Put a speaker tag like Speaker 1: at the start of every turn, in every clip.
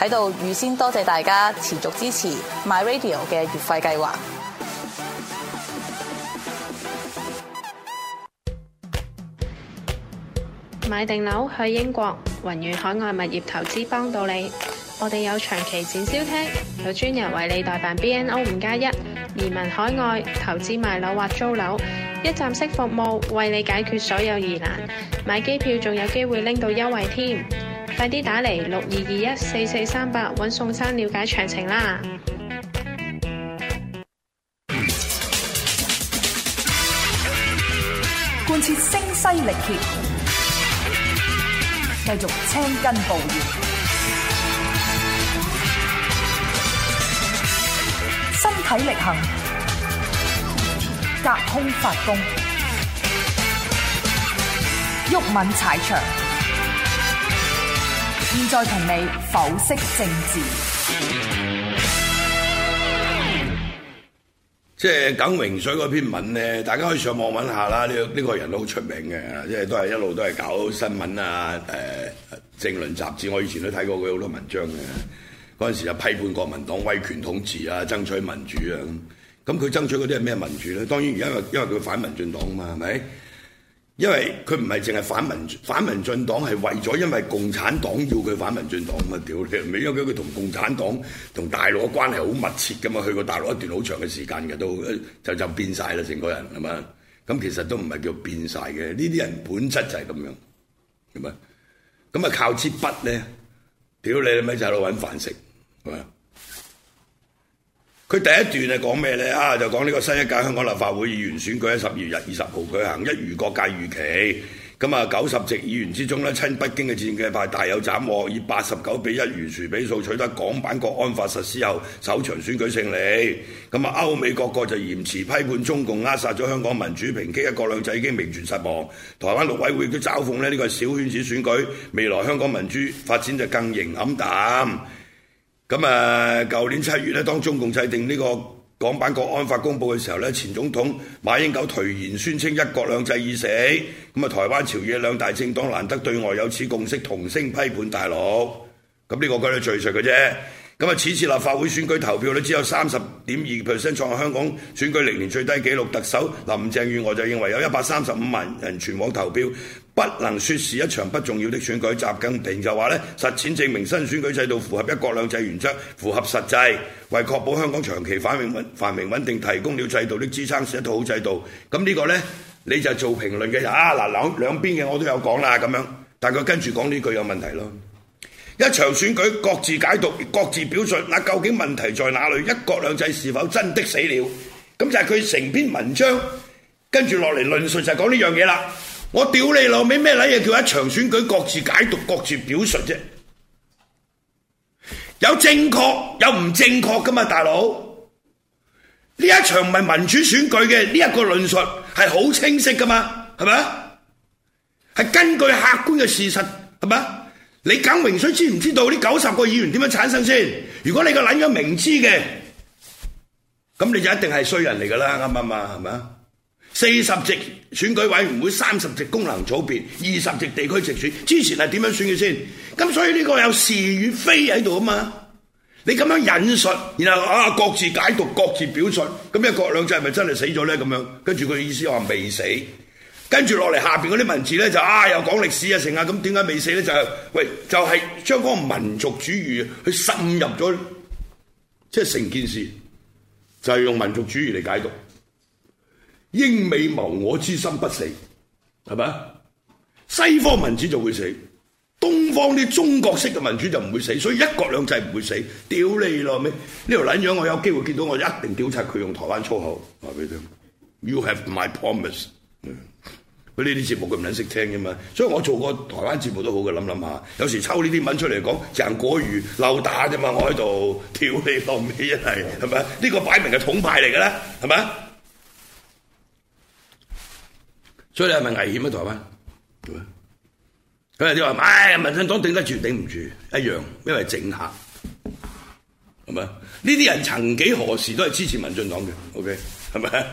Speaker 1: 喺度預先多謝大家持續支持 My Radio 嘅月費計劃。買定樓去英國，宏遠海外物業投資幫到你。我哋有長期展銷廳，有專人為你代辦 BNO 五加一移民海外投資買樓或租樓，一站式服務為你解決所有疑難。買機票仲有機會拎到優惠添。快啲打嚟六二二一四四三八，揾宋生了解詳情啦！貫徹聲嘶力竭，繼續青筋暴現，身體力行，隔空發功，毓民踩場。現在同你剖析政治，即係耿榮水嗰篇文咧，大家可以上網揾下啦。呢個呢個人都好出名嘅，即係都係一路都係搞新聞啊。誒，《政論雜誌》，我以前都睇過佢好多文章嘅。嗰陣時就批判國民黨威權統治啊，爭取民主啊。咁咁，佢爭取嗰啲係咩民主咧？當然，而家因為佢反民進黨嘛，係咪？因為佢唔係淨係反民進黨反民進黨係為咗，因為共產黨要佢反民進黨嘛，屌你，因為佢同共產黨同大陸嘅關係好密切噶嘛，去過大陸一段好長嘅時間嘅都就就變晒啦，成個人係嘛？咁其實都唔係叫變晒嘅，呢啲人本質就係咁樣，係嘛？咁啊靠支筆咧，屌你咪就係度揾飯食，係嘛？佢第一段係講咩咧？啊，就講呢個新一屆香港立法會議員選舉喺十二月二十號舉行，一如各界預期。咁啊，九十席議員之中呢，親北京嘅建制派大有斬獲，以八十九比一懸殊比數取得港版《國安法》實施後首場選舉勝利。咁啊，歐美各國就嚴詞批判中共扼殺咗香港民主，抨擊一國兩制已經名存實亡。台灣陸委會都嘲諷呢、呢個小圈子選舉未來香港民主發展就更形黯淡。咁舊年七月咧，當中共制定呢個港版國安法公佈嘅時候呢，前總統馬英九突然宣稱一國兩制已死，咁台灣朝野兩大政黨難得對外有此共識，同聲批判大陸。咁呢、這個佢都最出嘅啫。咁此次立法會選舉投票只有三十點二 percent 創香港選舉歷年最低紀錄，特首林鄭月娥就認為有一百三十五萬人前往投票。不能説是一場不重要的選舉。習近平就話呢，實踐證明新選舉制度符合一國兩制原則，符合實際，為確保香港長期繁榮穩繁榮穩定提供了制度的支撐，是一套好制度。咁呢個呢，你就做評論嘅啊，嗱，兩兩邊嘅我都有講啦，咁樣，但佢跟住講呢句有問題咯。一場選舉，各自解讀，各自表述，那究竟問題在哪裡？一國兩制是否真的死了？咁就係佢成篇文章跟住落嚟論述就講呢樣嘢啦。我屌你老味咩嘢嘢叫一場選舉，各自解讀，各自表述啫？有正確有唔正確㗎嘛，大佬？呢一場唔係民主選舉嘅，呢、這、一個論述係好清晰㗎嘛？係咪啊？係根據客觀嘅事實，係咪啊？你耿榮水知唔知道呢九十個議員點樣產生先？如果你個僆仔明知嘅，咁你就一定係衰人嚟㗎啦，啱唔啱啊？係咪啊？四十席選舉委員會，三十席功能組別，二十席地區直選。之前係點樣選嘅先？咁所以呢個有是與非喺度啊嘛！你咁樣引述，然後啊，各自解讀，各自表述。咁一國兩制係咪真係死咗咧？咁樣跟住佢意思話未死。跟住落嚟下邊嗰啲文字咧，就啊又講歷史啊成啊。咁點解未死咧？就係喂，就係將嗰個民族主義去滲入咗，即係成件事就係用民族主義嚟解讀。英美謀我之心不死，係咪？西方民主就會死，東方啲中國式嘅民主就唔會死，所以一國兩制唔會死，屌你咯屘！呢條撚樣我有機會見到，我一定調查佢用台灣粗口。話俾你聽，You have my promise。佢呢啲節目佢唔撚識聽啫嘛，所以我做個台灣節目都好嘅，諗諗下，有時抽呢啲文出嚟講，人果如漏打」啫嘛，我喺度屌你落尾一係，係咪？呢個擺明係統派嚟㗎啦，係咪？所以你係咪危險啊？台灣，佢哋話，唉、哎，民進黨頂得住，頂唔住一樣，因為政客係咪？呢啲人曾幾何時都係支持民進黨嘅，OK，係咪？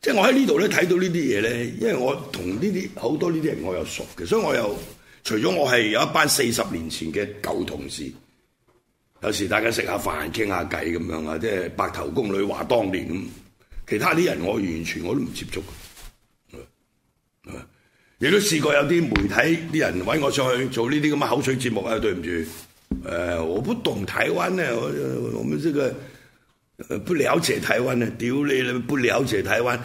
Speaker 1: 即係我喺呢度咧睇到呢啲嘢咧，因為我同呢啲好多呢啲人我又熟嘅，所以我又除咗我係有一班四十年前嘅舊同事，有時大家食下飯傾下偈咁樣啊，即係白頭宮女話當年咁，其他啲人我完全我都唔接觸。亦都試過有啲媒體啲人搵我上去做呢啲咁嘅口水節目啊！對唔住，誒、呃，我不懂台灣咧，我我們這個不了解台灣咧，屌你！你不了解台灣，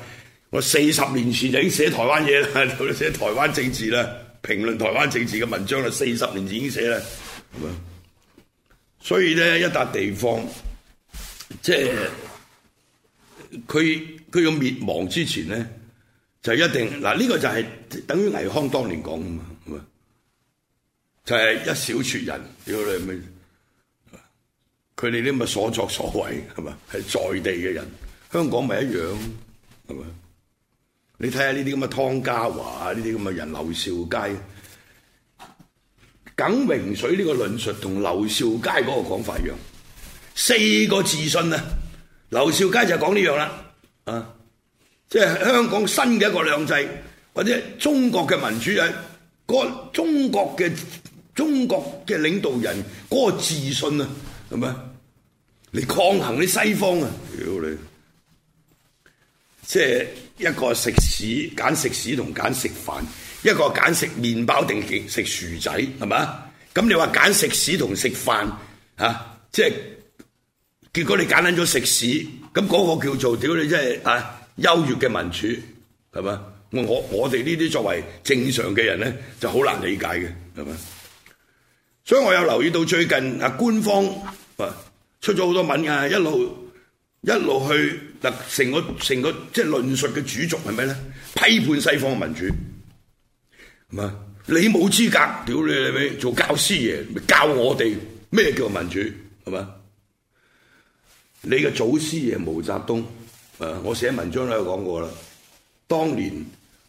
Speaker 1: 我四十年前就已經寫台灣嘢啦，寫台灣政治啦，評論台灣政治嘅文章啦，四十年前已經寫啦，係咪？所以呢，一笪地方，即係佢佢要滅亡之前呢。就一定嗱，呢、這個就係、是、等於倪匡當年講㗎嘛，就係、是、一小撮人屌你咪？佢哋啲咁嘅所作所為係嘛？係在地嘅人，香港咪一樣係嘛？你睇下呢啲咁嘅湯家驊啊，呢啲咁嘅人，劉兆佳、耿榮水呢個論述同劉兆佳嗰個講法一樣，四個自信啊！劉兆佳就講呢樣啦，啊！即係香港新嘅一個兩制，或者中國嘅民主人，個中國嘅中國嘅領導人嗰個自信啊，係咪？嚟抗衡啲西方啊！屌、哎、你！即係一個是食屎，揀食屎同揀食飯；一個揀食麵包定食薯仔係嘛？咁你話揀食屎同食飯啊？即係結果你揀撚咗食屎，咁嗰個叫做屌、哎、你真係啊！優越嘅民主係嘛？我我我哋呢啲作為正常嘅人呢，就好難理解嘅係嘛？所以我有留意到最近官方出咗好多文嘅，一路一路去嗱，成個論述嘅主軸係批判西方嘅民主係嘛？你冇資格屌你你做教師爺，教我哋咩叫民主係嘛？你嘅祖師爺毛澤東。我寫文章都有講過啦。當年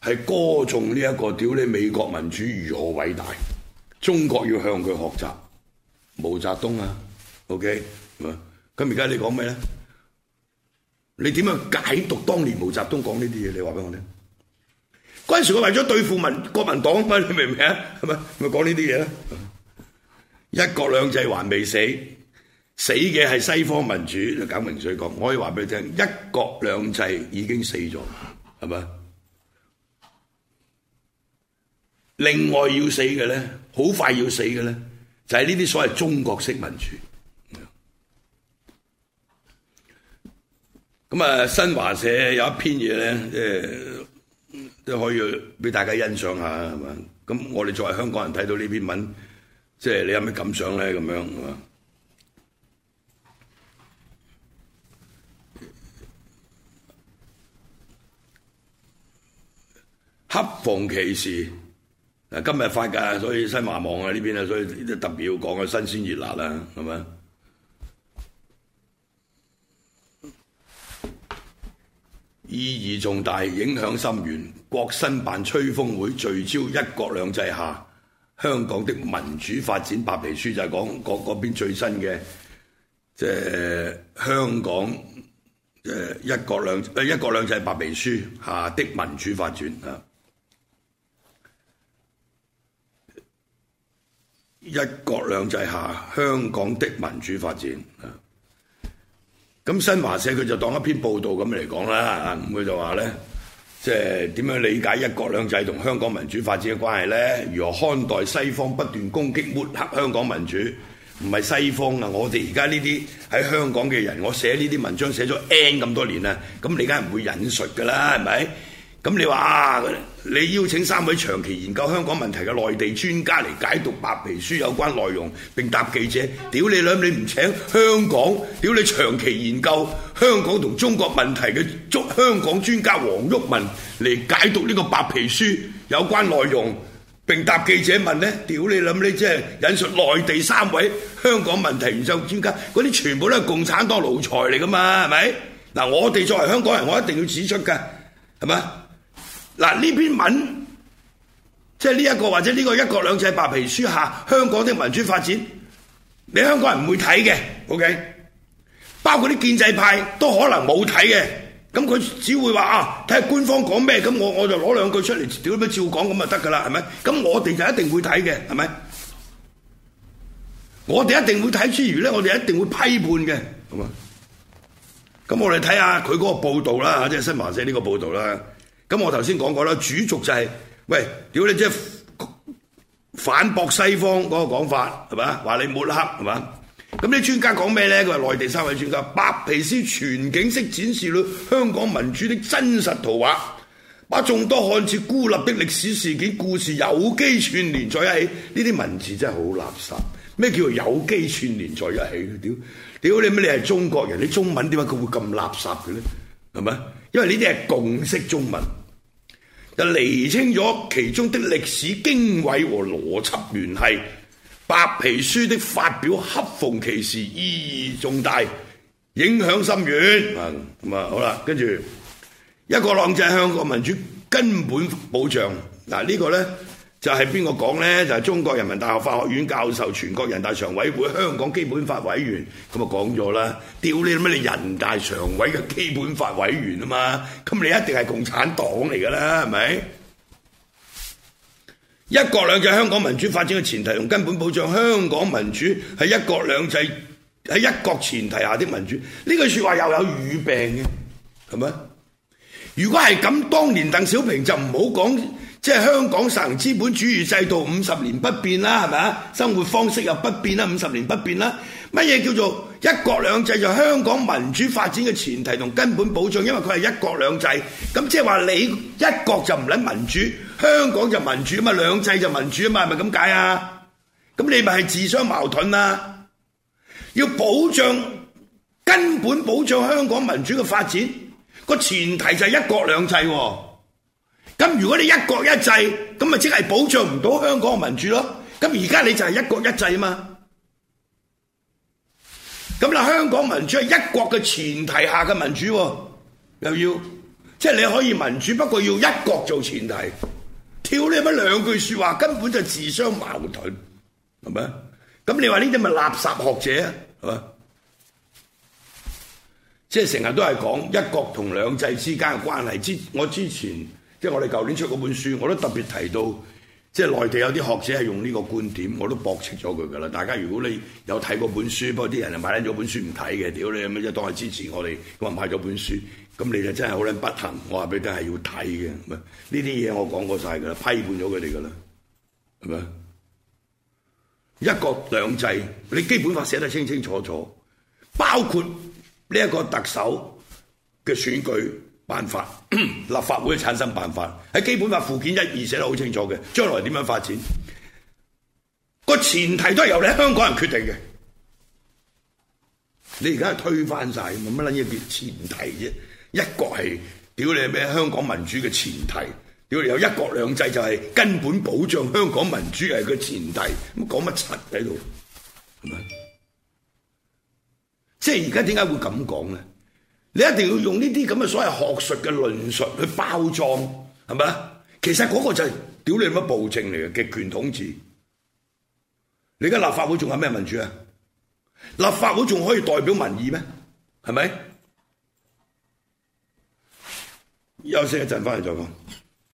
Speaker 1: 係歌頌呢、這、一個屌你美國民主如何偉大，中國要向佢學習。毛澤東啊，OK，咁而家你講咩咧？你點樣解讀當年毛澤東講呢啲嘢？你話俾我聽。嗰陣時，我為咗對付民國民黨，唔係你明唔明啊？係咪咪講呢啲嘢咧？一國兩制還未死。死嘅係西方民主，就耿榮水講，我可以話俾你聽，一國兩制已經死咗，係咪？另外要死嘅咧，好快要死嘅咧，就係呢啲所謂中國式民主。咁啊，新華社有一篇嘢咧，即係都可以俾大家欣賞下，係咪？咁我哋作為香港人睇到呢篇文，即係你有咩感想咧？咁樣啊？恰逢其時，今日發㗎，所以新華網啊呢邊啊，所以特別要講嘅新鮮熱辣啦，係咪？意義重大，影響深遠。國新辦吹風會聚焦一國兩制下香港的民主發展白皮書，就係講國嗰邊最新嘅，即係香港即係一國兩，一國兩制白皮書下的民主發展啊。一國兩制下香港的民主發展，咁新華社佢就當一篇報道咁嚟講啦，佢就話呢，即係點樣理解一國兩制同香港民主發展嘅關係呢？如何看待西方不斷攻擊抹黑香港民主？唔係西方啊，我哋而家呢啲喺香港嘅人，我寫呢啲文章寫咗 N 咁多年啦，咁你梗係唔會隱瞞噶啦，係咪？咁你話你邀請三位長期研究香港問題嘅內地專家嚟解讀白皮書有關內容，並答記者。屌你諗，你唔請香港？屌你長期研究香港同中國問題嘅中香港專家黃毓民嚟解讀呢個白皮書有關內容，並答記者問呢，屌你諗，你即係引述內地三位香港，香港問題研究專家，嗰啲全部都係共產黨奴才嚟噶嘛？係咪？嗱，我哋作為香港人，我一定要指出㗎，係咪？嗱，呢篇文，即係呢一個或者呢個一國兩制白皮書下香港啲民主發展，你香港人唔會睇嘅，OK？包括啲建制派都可能冇睇嘅，咁佢只會話啊，睇下官方講咩，咁我我就攞兩句出嚟，屌咁樣照講咁就得噶啦，係咪？咁我哋就一定會睇嘅，係咪？我哋一定會睇之餘咧，我哋一定會批判嘅，好嘛？咁我哋睇下佢嗰個報導啦，即係新華社呢個報導啦。咁我頭先講過啦，主軸就係，喂，屌你即係反駁西方嗰個講法，係嘛？話你抹黑，係嘛？咁啲專家講咩咧？佢話內地三位專家白皮書全景式展示了香港民主的真實圖畫，把眾多看似孤立的歷史事件故事有機串聯在一起。呢啲文字真係好垃圾。咩叫做有機串聯在一起？屌，屌你咩？你係中國人，你中文點解佢會咁垃圾嘅咧？係咪？因為呢啲係共識中文。就釐清咗其中的歷史經緯和邏輯聯繫，《白皮書》的發表恰逢其時，意義重大，影響深遠。啊、嗯，好啦，跟住一國兩制係香港民主根本保障。嗱，呢個呢。就係邊個講呢？就係、是、中國人民大學法學院教授、全國人大常委會香港基本法委員咁啊講咗啦。屌你老母！你人大常委嘅基本法委員啊嘛，咁你一定係共產黨嚟噶啦，係咪？一國兩制香港民主發展嘅前提同根本保障，香港民主係一國兩制喺一國前提下的民主。呢句說話又有語病嘅，係咪？如果係咁，當年鄧小平就唔好講。即係香港實行資本主義制度五十年不變啦，係咪啊？生活方式又不變啦，五十年不變啦。乜嘢叫做一國兩制？就香港民主發展嘅前提同根本保障，因為佢係一國兩制。咁即係話你一國就唔係民主，香港就民主啊嘛，兩制就民主啊嘛，係咪咁解啊？咁你咪係自相矛盾啊。要保障根本保障香港民主嘅發展，個前提就係一國兩制喎。咁如果你一國一制，咁咪即係保障唔到香港嘅民主咯。咁而家你就係一國一制啊嘛。咁啦，香港民主係一國嘅前提下嘅民主，又要即係、就是、你可以民主，不過要一國做前提。跳你乜兩句説話，根本就自相矛盾，係咪啊？咁你話呢啲咪垃圾學者係咪？即係成日都係講一國同兩制之間嘅關係之，我之前。即係我哋舊年出嗰本書，我都特別提到，即係內地有啲學者係用呢個觀點，我都駁斥咗佢㗎啦。大家如果你有睇嗰本書，不過啲人係買咗本書唔睇嘅，屌你咁樣即係當係支持我哋，咁話買咗本書，咁你就真係好撚不幸。我話俾你聽係要睇嘅，呢啲嘢我講過晒㗎啦，批判咗佢哋㗎啦，係咪？一國兩制，你基本法寫得清清楚楚，包括呢一個特首嘅選舉。辦法， 立法會產生辦法喺基本法附件一二寫得好清楚嘅，將來點樣發展，個前提都係由你香港人決定嘅。你而家係推翻晒，乜撚嘢叫前提啫？一國係屌你咩香港民主嘅前提，屌你有一國兩制就係根本保障香港民主係個前提，咁講乜柒喺度？係咪？即係而家點解會咁講咧？你一定要用呢啲咁嘅所謂學術嘅論述去包裝，係咪啊？其實嗰個就係屌你乜暴政嚟嘅極權統治。你而家立法會仲有咩民主啊？立法會仲可以代表民意咩？係咪？休息一陣，翻嚟再講。